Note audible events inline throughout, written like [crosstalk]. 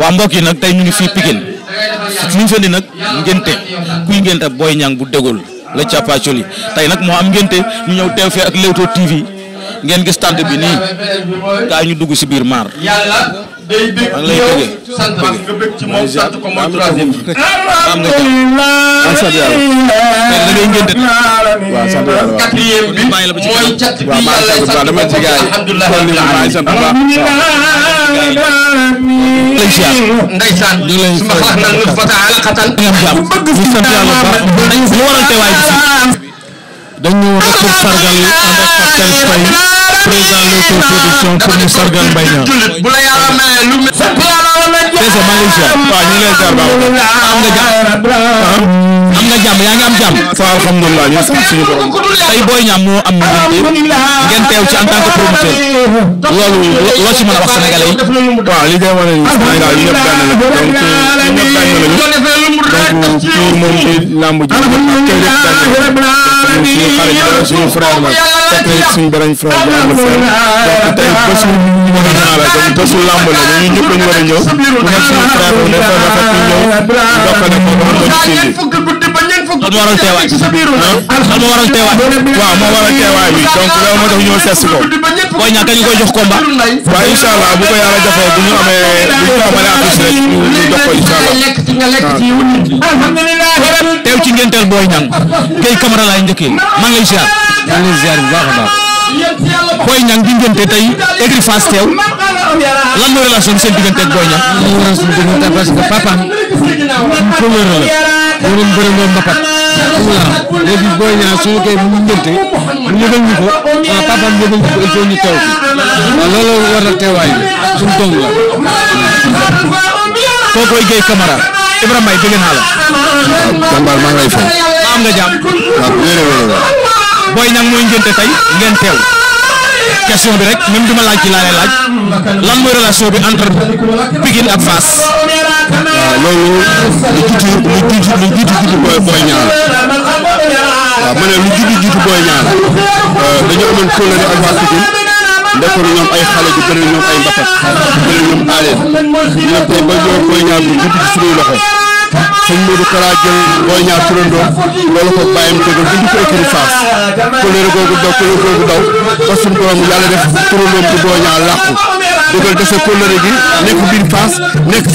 waa mbokk yi nag tey ñu ngi fii Pikine ñu ngi fendi nag ngénte kuy ngénte Boy Niang bu dégul la càppaacol yi tey nag moo am ngénte ñu ñëw teew fee ak Leewtoo TV ngeen gis tànt bi nii gaa ñu dugg si biir maar day bëgg ci yow sant parce que nga bëgg ci moom sant ko mooy troisième bi. am na sant yàlla. da ngay ngénte. waaw sant yàlla waaw. quatrième bi mooy cat bi yàlla sant ko alhamdulilah ndeysaan suma xalax na nu fata ala xatal. ñu sant yàlla baax dañu waral teewaay bi dañu rek sargal ànd ak Pap Thialis Faye président Leewtoo production pour mu sargal Mbaye Niang. bu la yàlla maye lu mel. Cissé maa ngi ziar. waaw ñu ngi lay ziar baax am nga jàmm. am nga ah, jàmm yaa ngi am jàmm. ça alhamdulilah ñu ngi suñu borom. tey Boy moo am ngeen ngeen teew ci en tant que promoteur. loolu loo ci mën a wax sénégalais yi. waaw li koy wane nii Sénégal ñëpp benn la donc. moom ci làmb ji suñu frère la fekk suñu beneen frère bi am na tey bésu bésu làmb la ñun ñëpp dañu war a ñëw bu nekk suñu frère bu nekk rafet ñu ñëw doxale ko ba mu doon ci lan moo waral teewaay lan moo waral teewaay waaw moo waral teewaay bi donc loolu moo tax ñëw seet si ko Boy Niang kañ koy jox combat waaw incha allah bu ko yàlla defee bu ñu amee bu ñu ko amalee affiche rek ñu jox ko incha allah ñëw ci ngenteel booy ñang kay camara laay njëkkee maa ngi lay ziar. maa ngi bu baax a baax. booy ñang di ngente tey écurie teew lan relation seen diggante booy ñang. la. moom bëri moom mbapat. waaw léegi booy ñang suñu koy mu ngente mu yëgal ñu ko ah papaam yëgal ñu ko il ñu teew fi waaw loolu waral teewaay bi suñu doom la. kooku Guèye Camara. Ibrahima Mbaye bëgg naa la. jàmbaar maa ngi lay fay. maa am nga jàmm. waaw wéeré wéeré waaw. booy nag mooy ngénte tey ngeen teew. question bi rek même duma laaj ci laa lay laaj. lan mooy relation bi entre Pikine ak Fass. waaw loolu lu jiitu lu jiitu lu booy booy ñaar waaw lu jiitu jiitu booy ñaar euh, dañu amoon kóolóore ak waa Pikine. nekkoon ñoom ay xale di bëri ñoom ay mbapat di bëri ñoom aaleen ñoom tey ba ñëw Boy Niang bu gudd ci suñuy loxo sëñ Modou Kara jël Boy Niang turandoom loolu ko bàyyam dëggal indi ko écurie Fass kolere googu daw def di Boy Niang làqu dëggal dese kolere gi nekk biir Fass nekk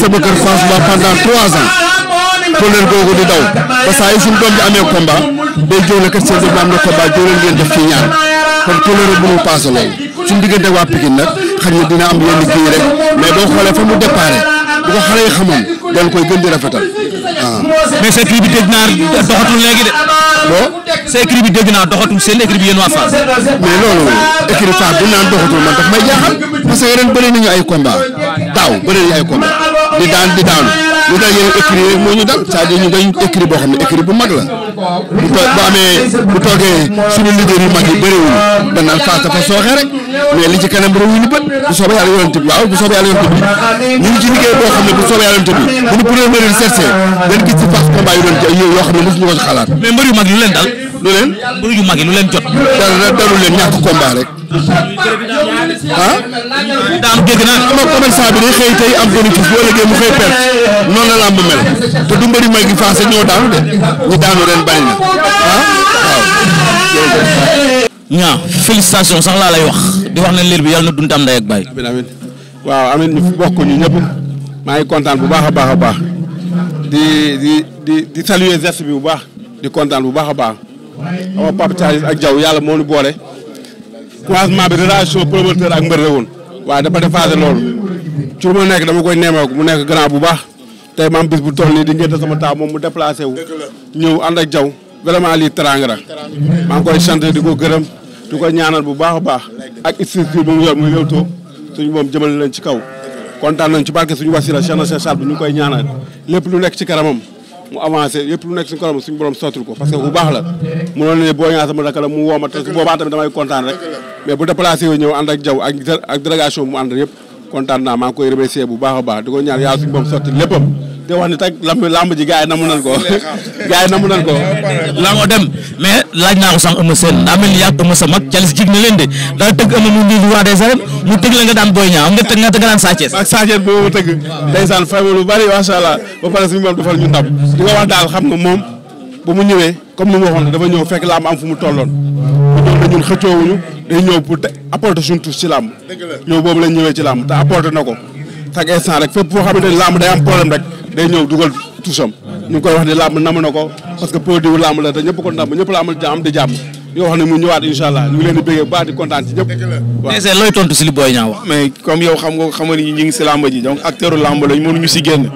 ci ñaan kon kolere bu mu paase suñu diggante waa Pikine nag xañ na dina am yenn kii rek mais boo xoolee fa mu déparé bu ko xale yi xamoon dañ koy gën di rafetal ah. mais sa écrit bi dégg naa doxatul léegi de. bon sa bi dégg naa doxatul seen écrit bi yéen waa Fass. mais loolu écrit saa bu naan doxatul man daf may jaaxal parce que ren bëri nañu ay combat taaw bëri nañu ay combat di daan di daanu lu dal yeneen écrit rek moo ñu dal c'est-à-dire ñu dañu écrit boo xam ne écrit bu mag la. bu mee bu amee bu toogee suñu leader yu mag yi bëriwul danaan Fass dafa sooxe rek mais li ci kanam réew ñu bët bu soobee yàlla yonent bi waaw bu soobee yàlla yonent bi ñu ngi ci liggéey boo xam bu soobee bu ñu premier yi seetsee dañ gis ci Fass yu doon yoo xam ne mosuñu ko ci xalaat. mais mbir yu mag yi lu leen dal. lu leen mbir yu mag yi lu leen jot. dara dalul leen ñàkk combat rek. ah daan dégg naa ama commerçant bi day xëy tey am bénéfice bu ëllëgee mu xëy perte noonu la làmb mel te du mbëri may gi faase ñoo daanu de ñu daanu ren bari na waaw. ñaa félicitation sax laa lay wax di wax ne liir bi yàlla na dund am ndey ak baay. waaw amiin ñu ko ñu ñëpp maa ngi kontaan bu baax a baax a baax di di di di saluer bi bu baax di kontaan bu baax a baax ama Pape Thialis ak jaw yàlla moo ñu boole. croisement bi relation promoteur ak mbër la woon waaye dafa dépassé loolu ci lu ma nekk dama koy neemeeku mu nekk grand bu baax tey maam bis bu toll nii di ngeen sama taa moom mu déplacé wu ñëw ànd ak jaw vraiment lii teraanga la maa ngi koy sant di ko gërëm di ko ñaanal bu baax a baax ak structure bu mu yor to Leewtoo suñu moom jëmale leen ci kaw kontaan nañ ci barke suñu wasila Cheikh na Cheikh Sall bi ñu ngi koy ñaanal lépp lu nekk ci kanamam mu avancé yëpp lu nekk suñu kanam suñu borom sottul ko parce que bu baax la mënoon na ne boo ñaa sama rakk la mu woo ma te su boobaa tamit damay kontaan rek mais bu déplacé wu ko ànd ak jaw yëpp bu baax a baax di ko ñaan yaa suñu borom sotti léppam di wax ni tak lamb lamb ji gars yi namu nan ko gars yi ko lango dem mais laaj naa ko sànq Eumeu Sène daa mel ni yàgg Eumeu sa mag jalis jig na leen de daa tëgg Eumeu mu ngi roi des arènes mu tëgg la nga daan tëgg nga daan Sa Thiès ak Sa Thiès tëgg ndeysaan daal xam nga moom mu ñëwee comme ni mu waxoon dafa ñëw fekk lamb fu mu tolloon ñun xëccoowuñu day ñëw pour te apporter suñu tuus ci làmb ñëw boobu lañ ñëwee ci làmb te apporter na ko chaque instant rek fépp foo xamante ni làmb day am problème rek day ñëw dugal tuusam ñu ngi koy wax ni làmb nam na ko parce que produit wu làmb la te ñëpp ko ndam ñëpp la amal jàmm di jàmm di wax ne mu ñëwaat incha allah ñu ngi leen di bëggee baax di xam nga xam ni ñu ngi si làmb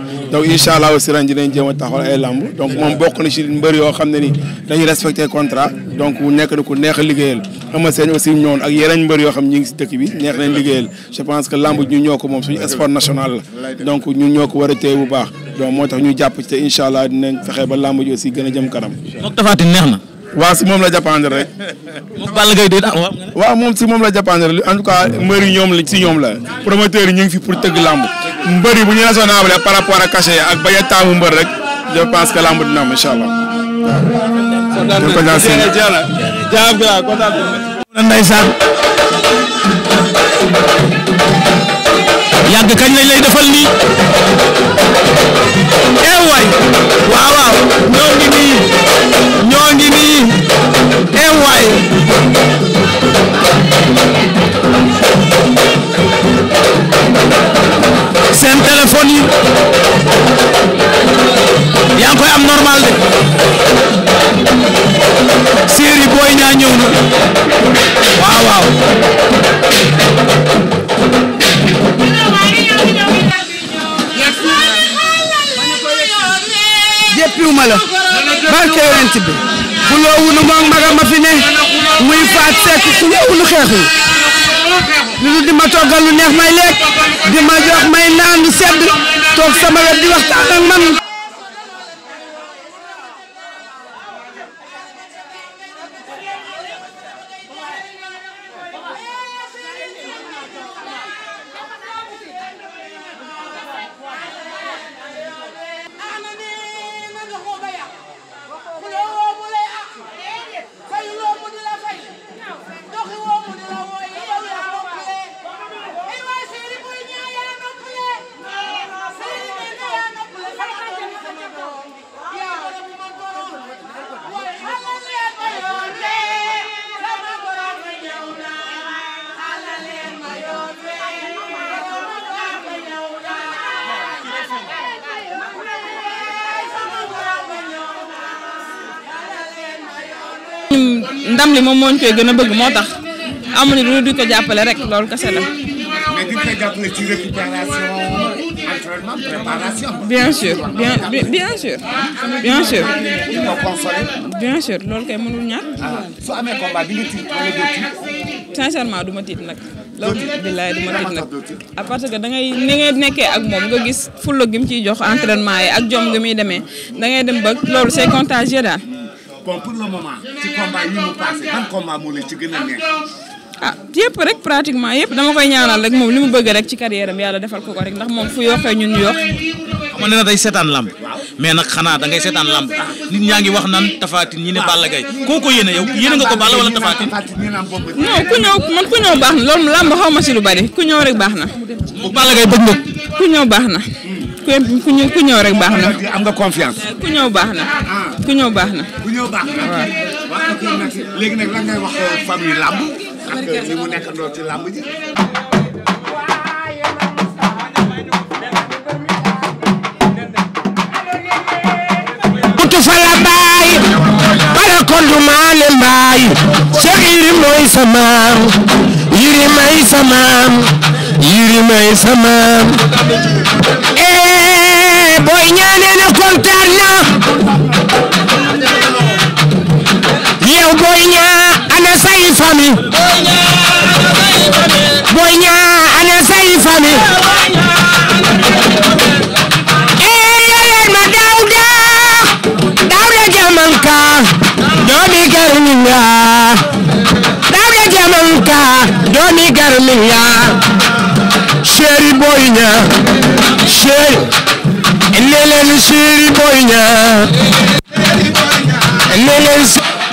ji allah aussi ren dinañ jéem a taxawal ay làmb donc moom bokk na si mbër yoo xam ne ni dañuy respecté contrat donc nekk na ku neex a liggéeyal xam aussi ñoon ak yeneen mbër yoo xam ñu ngi si dëkk bi neex nañ liggéeyal je pense que làmb ñu ñoo ko moom suñu sport national la donc ñun a téye bu moo tax ñu jàpp te incha allah dinañ fexe ba làmb ji aussi gën a jëm kanam. mook Tapha Tine neex na. waaw si moom la jàppandal rek. [laughs] moom Balla moom si moom la jàppandal en tout cas mbër yi ñoom la si ñoom la promoteur yi ñu ngi fi pour tëgg làmb mbër yi bu ñu raisonnable par rapport ak cachet ak a taamu mbër rek je pense que lamb dina am incha allah. waaw kañ lañ lay defal nii. Eh seen téléphone yi koy am normal de séeri booy ñaa ñëw na waaw waaw jéppiwuma la barke feexu lu dul di ma toggal lu neex may lekk di ma jox may naan lu sedd toog sama wet di waxtaan ak man ndam li moom moo ñu koy gën a bëgg moo tax amuñu lu rek loolu kese la. nga jàppale ci récupération entraînement préparation. bien sûr bien bien sûr bien sûr. Ah, di ko consolé. tiit wala doo tiit. sincèrement ma tiit nag. loolu billaay du ma tiit nag parce que da ngay ni ngay nekkee ak nga gis fulla gi mu ciy jox entraînement yi ak jom gi muy demee da ngay dem ba loolu bon pour le moment ci combat yi mu passé ban combat moo la ci gën a neex. ah yëpp rek pratiquement yëpp dama koy ñaanal rek moom li mu bëgg rek ci carrière am yàlla defal ko ko rek ndax moom fu yokkee ñun ñu yokk. xam nga nee na day seetaan lamb. mais nag xanaa da ngay seetaan lamb. nit ñaa ngi wax naan tafaatin ñi ne Balla Gaye koo ko yéene yow yéene nga ko Balla wala tafaatin. non ku ñëw man ku ñëw baax na loolu lamb xaw ma si lu bari ku ñëw rek baax na. bu Balla Gaye bëgg nga ku ñëw baax na. ku ñëw ku ñëw rek baax na. am nga confiance. ku ñëw baax na. Ah. ku ñëw baax na. ñëw baax waaw léegi nag lan ngay wax euh, famille làmb ak li euh, mu nekkandoo ci làmb ji kutu fa la baay bala ko du maane mbaay Cheikh Yirim mooy sa maam Yirim ay sa maam Yirim ay sa maam eh booy ñaanee na kontaan garminga dawda jamanka doni garminga chéri boyña chéri neleen chéri boyña neleen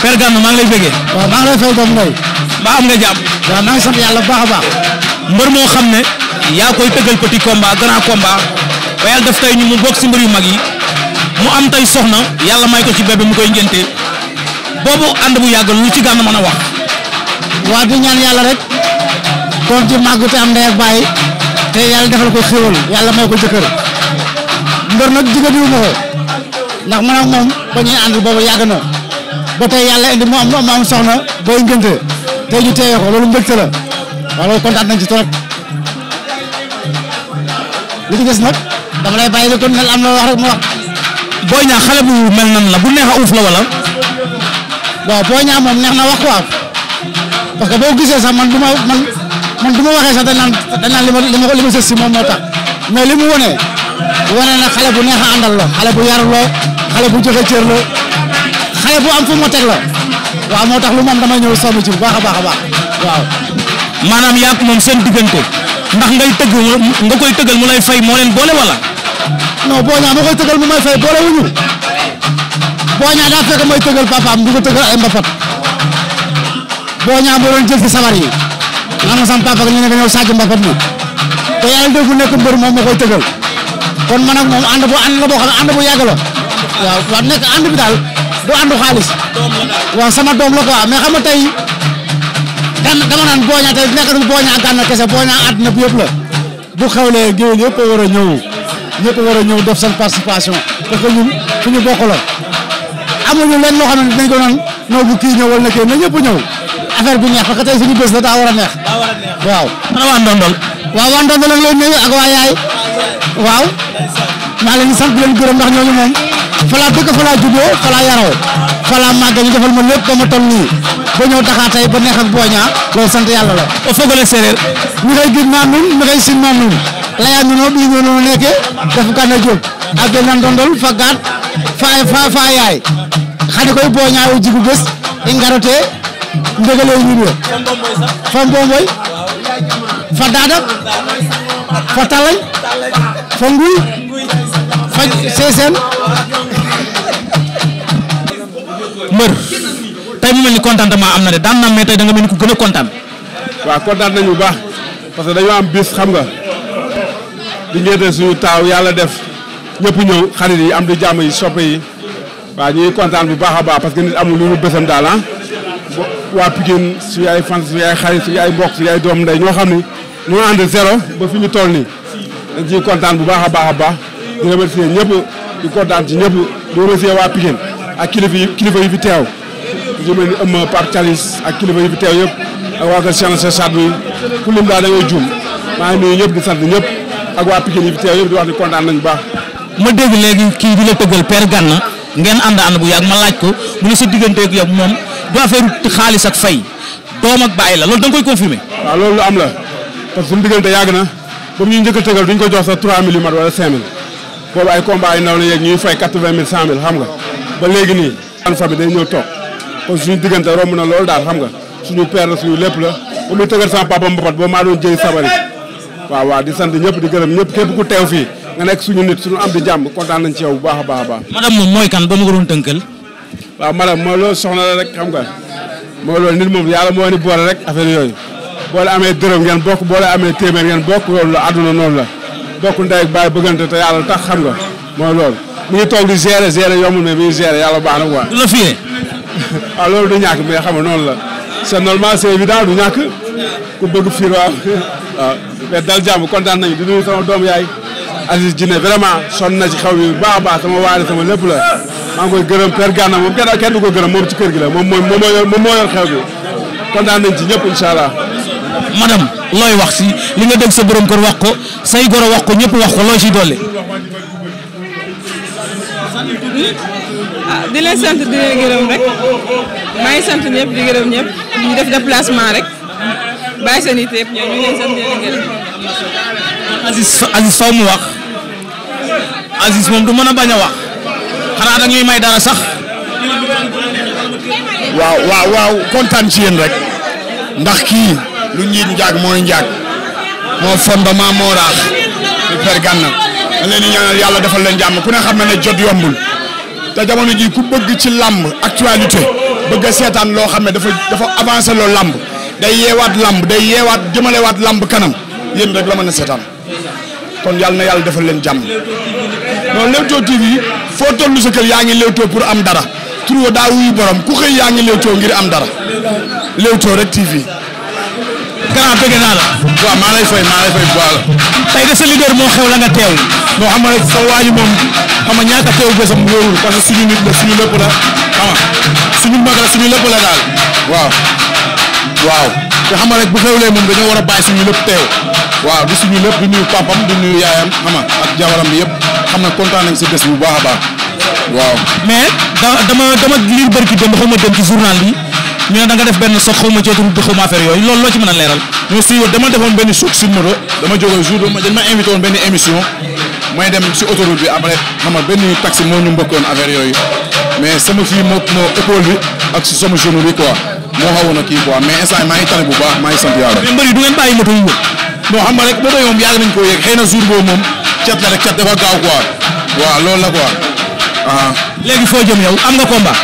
Père Gana maa ngi lay bëggee waaw maa ngi lay fay doom ngay ba am nga jàmm waaw maa ngi sant yàlla bu baax a baax mbër moo xam ne yaa koy tëggal petit combat grand combat ba yàlla def tey ñu mu bokk si mbër yu mag yi mu am tey soxna yàlla may ko ci bébé mu koy ngénte boobu ànd bu yàgg lu ci gànn mën a wax. waa di ñaan yàlla rek doon ci màgg te am ndey bàyyi te yàlla defal ko xéwal yàlla may ko jëkkër mbër nag jigéen ma ko ndax man ak moom ba ñuy ànd boobu na ba tey yàlla ñu teeye ko loolu kontaan nañ ci trop des nag la kon mel am na wax mu bu la bu neex a uuf la wala. waaw boo ñaa moom neex na wax quoi parce que boo gisee sax man du ma man man du ma waxee sax dañ naan li ma li ma si moom moo tax mais li mu wane wane na xale bu neex a àndal la xale bu yar la xale bu joxe cër la xale bu am fu mu teg la waaw moo tax lu moom dama ñëw soobu ci bu baax a baax a baax waaw. maanaam yaa moom seen diggante ndax ngay tëgg nga koy tëggal mu lay fay moo leen boole wala. non boo ñaa ma koy tëggal mu may fay boole wuñu Boy daa fekk mooy tëggal papaam du ko tëggal ay mbafat Boy Niang boo doon jël ci sabar yi man ma sama papa ñu ne nga ñëw sàcc mbafat nekk mbër moom moo koy tëggal kon man ak moom ànd bu ànd la boo xam ne bu yàgg la waaw waaw nekk ànd bi daal du àndu xaalis waaw sama doom la quoi mais xam nga tey dama naan Boy Niang tey nekk na Boy kese Boy Niang àddina bu yëpp la bu xewlee géwél yëpp a war a ñëpp a war a ñëw def seen participation parce que ñun fu bokk la amuñu leen loo xam ne dañ ko doon noo bu kii ñëw wala na ñëpp ñëw affaire bi neex parce que tey suñu bés la daa war a neex. a waaw. waa Ndondol. waaw waa Ndondol ak lay nuyu ak waa yaay. maa leen sant di leen gërëm ndax ñooñu moom. fa laa dëkk fa laa yaroo. fa laa ñu defal ma lépp ba ma toll nii. ba ñëw Dakar ba neex ak booña. loolu sant yàlla la. o fogole séeréer. ñu koy gis naan ñun ñu koy sin naan ñun. noonu bii ñu noonu nekkee. def gànna jóg. ak Ndondol fa gaat faay fa faayaay xani koy boñaawu jigu bés i ngarote ndegele wiin we fa mbomboy fa dadak fa talay fa nguy fa seeseen mbër tey mu mel ni contentement am na de daan na mais tey da mel ni ku gën a kontaan waaw kontaan nañu bu baax parce que dañoo am bis xam nga di ngéete suñu taaw yàlla def ñëpp ñëw xarit yi am di jàmm yi soppe yi waaw ñuy kontaan bu baax a baax parce que nit amul lu ñu bésam daal ah waa Pikine suñu ay fans suñu ay xarit suñu ay mbokk suñu ay doom ndey ñoo xam ni ñoo ànd zéro ba fi ñu toll nii dañ kontaan bu baax a baax a baax di remercier ñëpp di kontaan ci ñëpp di remercier waa Pikine ak kilifa yi kilifa yi fi teew ni ëmm Pape Thialis ak yëpp ak waa kër Cheikh Saad bi ku lim daal da ngay juum maa ngi nuyu ñëpp di sant ñëpp ak waa Pikine yi fi teew yëpp di wax ni kontaan baax ma dégg léegi kii di la tëggal Père Gana ngeen ànd ànd bu yàgg ma laaj ko mu ne sa digganteeg yow moom du affaire xaalis la loolu koy confirmer. waaw loolu lu am diggante yàgg na ba ñuy njëkk a tëggal duñ ko jox sax 3000 yu wala 5000 boobu ay combat yu ndaw la yeeg ñuy fay 80 000 xam nga ba léegi nii. an famille day ñëw toog kon diggante romb na loolu daal xam nga suñu père la suñu lépp la ba muy tëggal sama papa Mbapat boo maa doon jëri sabari waaw waaw di sant ñëpp di gërëm ñëpp képp ku teew fii nga nekk suñu nit suñu am di jàmm kontaan nañ ci yow bu baax baax baax. madame moom mooy kan ba ma ko doon tënkal. waaw madame mooy loolu soxna rek xam nga mooy loolu nit moom yàlla moo ni boole rek affaire yooyu boole amee dërëm ngeen bokk boole amee téeméer ngeen bokk loolu la àdduna noonu la bokk ndey ak baay bëggante te yàlla tax xam nga moo lool mu ngi toog di gérer gérer yombul mais mi ngi gérer yàlla baax na quoi. du la fiyee. waaw [laughs] ah, loolu du ñàkk mais xam nga noonu la c'est normal c'est évident du ñàkk ku bëgg fiir waaw waaw [laughs] ah, mais kontaan nañu di doom yaay Aziz Dine vraiment sonn na ci xaw yi baax a baax sama waale sama lépp la maa ngi koy gërëm Père Gana moom kenn kenn gërëm moom mooy moom moo yor xew bi kontaan nañ ci ñëpp incha allah. madame looy wax si li nga dégg sa borom kër wax ko say goro wax ko ñëpp wax ko looy si dolli. ah di leen sant di leen gërëm rek maa ngi sant ñëpp di gërëm ñëpp ñu def déplacement rek bàyyi seen it yëpp ñoom ñu ngi di gërëm. Aziz Aziz faw mu wax Aziz moom du mën a bañ a wax xanaa dañuy may dara sax. waaw waaw waaw kontaan ci yéen rek ndax kii lu njiit njaag mooy njaag moo fondement moo raax di per gànna dañ leen di ñaanal yàlla defal leen jàmm ku ne xam na ne jot yombul te jamono ji ku bëgg ci làmb actualité bëgg a seetaan loo xam ne dafa dafa avancé loo làmb day yeewaat làmb day yeewaat jëmalewaat làmb kanam. yéen rek la mën a seetaan kon yàlla na yàlla defal leen jàmm non Leewtoo TV foo tollu sa kër yaa ngi Leewtoo pour am dara trouvé daa wuyu borom ku xëy yaa ngi Leewtoo ngir am dara Leewtoo rek TV. grand bëgg naa la. waaw maa lay fay maa lay fay bu baax la. tey de sa leader moo xew la nga teew. moo xam rek sa waa ji moom xam nga ñaata teew bésam wóorul parce que suñu nit la suñu lépp la xam nga suñu mag la suñu lépp la daal waaw. waaw te xam rek bu xewlee moom a bàyyi waaw di suñu lépp di nuyu papam di nuyu yaayam xam ak jabaram bi yëpp xam na kontaan nañ si bés bu baax a baax waaw. mais dama dama liir bëri ki démb xaw ma dem ci journal da nga def benn sox xaw ma cootu xaw ma affaire yooyu loolu loo ci mën a leeral. mais dama defoon benn choc sur moto dama jógee ma invité benn émission mooy dem si autoroute bi après xam benn tax moo ñu mbokkoon affaire yooyu mais sama fii moo moo épaule bi ak si sama genou bi quoi moo xawoon kii quoi mais instant yii tane bu baax maa ngi sant yàlla. mais mbër yi du ngeen bàyyi non xam nga rek ba tey moom yàgg nañ na jour boobu moom cat la rek cat dafa gaaw ah. foo jëm yow am nga combat.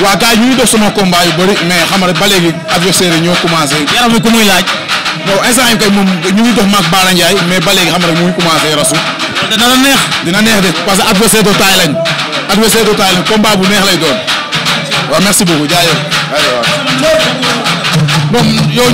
waaw gars ñu ngi dox sama combat yu bëri mais xam nga rek ba léegi adversaire yi ñoo commencé. yaram bi ku muy laaj. non instant yii kay moom ñu ngi dox maak Baara Ndiaye mais ba léegi xam nga rek mu ngi commencé rasu. dina neex. dina neex parce que adversaire de taille lañ. adversaire de taille bu neex lay doon. waaw merci beaucoup jaajëf. non yow